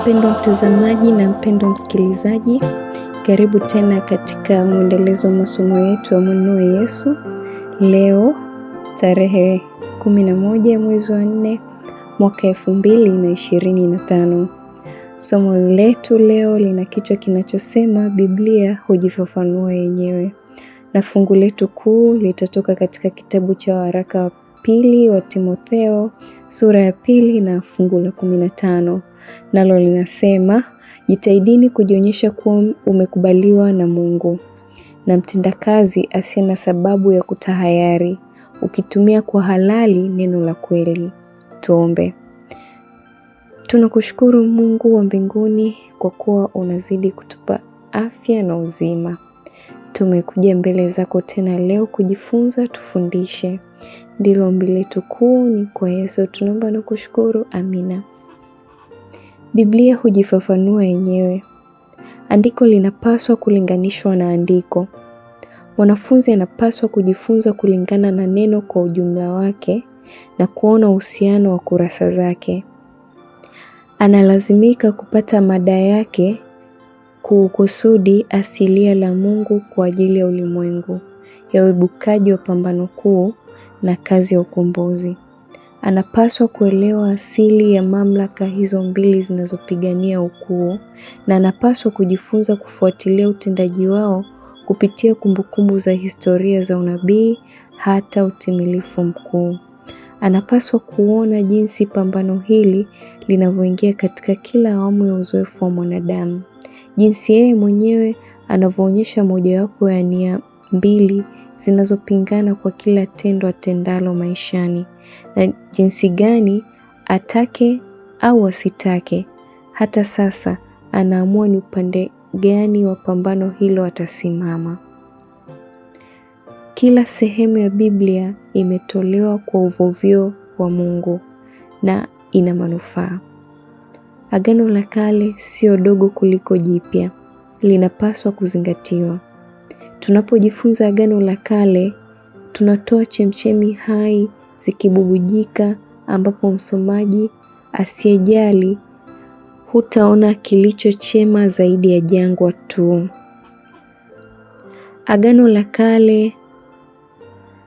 Mpendwa mtazamaji na mpendwa msikilizaji, karibu tena katika mwendelezo wa masomo yetu ya mwenua Yesu. Leo tarehe 11 mwezi wa 4 mwaka 2025. Somo letu leo lina kichwa kinachosema Biblia hujifafanua yenyewe, na fungu letu kuu litatoka katika kitabu cha waraka pili wa Timotheo sura ya pili na fungu la kumi na tano nalo linasema jitahidini kujionyesha kuwa umekubaliwa na Mungu na mtendakazi asiye na sababu ya kutahayari, ukitumia kwa halali neno la kweli. Tuombe. Tunakushukuru Mungu wa mbinguni kwa kuwa unazidi kutupa afya na uzima. Tumekuja mbele zako tena leo kujifunza, tufundishe ndilo ombi letu kuu. Ni kwa Yesu tunaomba na kushukuru, amina. Biblia hujifafanua yenyewe. Andiko linapaswa kulinganishwa na andiko. Mwanafunzi anapaswa kujifunza kulingana na neno kwa ujumla wake na kuona uhusiano wa kurasa zake. Analazimika kupata mada yake kuukusudi asilia la Mungu kwa ajili ya ulimwengu, ya uibukaji wa pambano kuu na kazi ya ukombozi. Anapaswa kuelewa asili ya mamlaka hizo mbili zinazopigania ukuu na anapaswa kujifunza kufuatilia utendaji wao kupitia kumbukumbu za historia za unabii hata utimilifu mkuu. Anapaswa kuona jinsi pambano hili linavyoingia katika kila awamu ya uzoefu wa mwanadamu, jinsi yeye mwenyewe anavyoonyesha mojawapo ya nia mbili zinazopingana kwa kila tendo atendalo maishani, na jinsi gani atake au asitake, hata sasa anaamua ni upande gani wa pambano hilo atasimama. Kila sehemu ya Biblia imetolewa kwa uvuvio wa Mungu na ina manufaa. Agano la Kale sio dogo kuliko Jipya, linapaswa kuzingatiwa. Tunapojifunza Agano la Kale, tunatoa chemchemi hai zikibubujika, ambapo msomaji asiyejali hutaona kilicho chema zaidi ya jangwa tu. Agano la Kale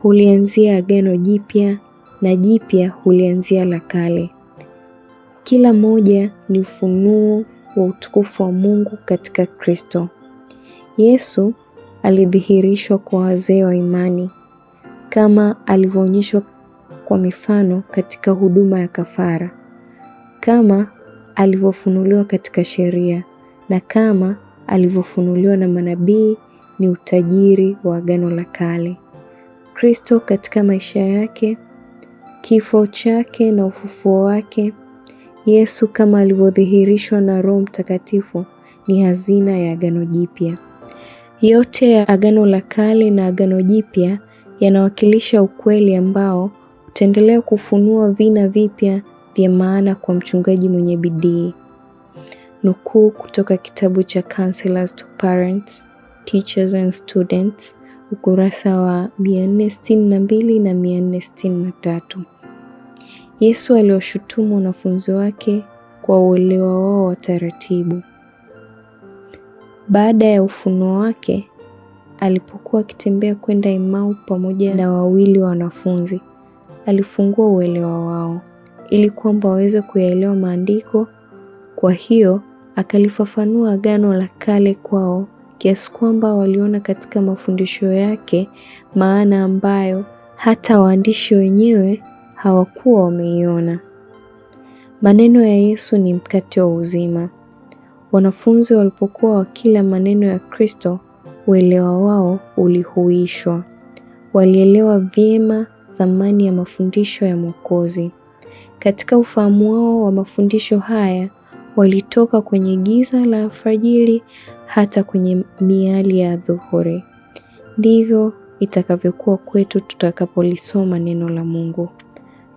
hulianzia Agano Jipya na Jipya hulianzia la Kale. Kila moja ni ufunuo wa utukufu wa Mungu katika Kristo Yesu alidhihirishwa kwa wazee wa imani kama alivyoonyeshwa kwa mifano katika huduma ya kafara, kama alivyofunuliwa katika sheria, na kama alivyofunuliwa na manabii ni utajiri wa Agano la Kale. Kristo katika maisha yake, kifo chake na ufufuo wake, Yesu kama alivyodhihirishwa na Roho Mtakatifu ni hazina ya Agano Jipya. Yote ya Agano la Kale na Agano Jipya yanawakilisha ukweli ambao utaendelea kufunua vina vipya vya maana kwa mchungaji mwenye bidii. Nukuu kutoka kitabu cha Counselors to Parents, Teachers and Students, ukurasa wa 462 na 463. Yesu aliwashutumu wanafunzi wake kwa uelewa wao wa taratibu. Baada ya ufunuo wake, alipokuwa akitembea kwenda Emau pamoja na wawili wa wanafunzi, alifungua uelewa wao ili kwamba waweze kuyaelewa maandiko. Kwa hiyo akalifafanua Agano la Kale kwao kiasi kwamba waliona katika mafundisho yake maana ambayo hata waandishi wenyewe hawakuwa wameiona. Maneno ya Yesu ni mkate wa uzima. Wanafunzi walipokuwa wakila maneno ya Kristo, uelewa wao ulihuishwa. Walielewa vyema thamani ya mafundisho ya Mwokozi. Katika ufahamu wao wa mafundisho haya, walitoka kwenye giza la alfajiri hata kwenye miali ya dhuhuri Ndivyo itakavyokuwa kwetu tutakapolisoma neno la Mungu.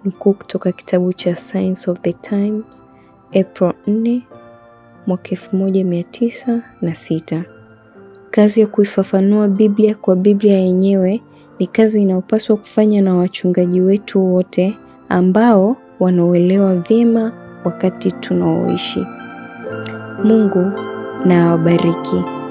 Nukuu kutoka kitabu cha Signs of the Times, April 4 mwaka sita. Kazi ya kuifafanua Biblia kwa Biblia yenyewe ni kazi inayopaswa kufanywa na wachungaji wetu wote ambao wanaoelewa vyema wakati tunaoishi. Mungu na awabariki.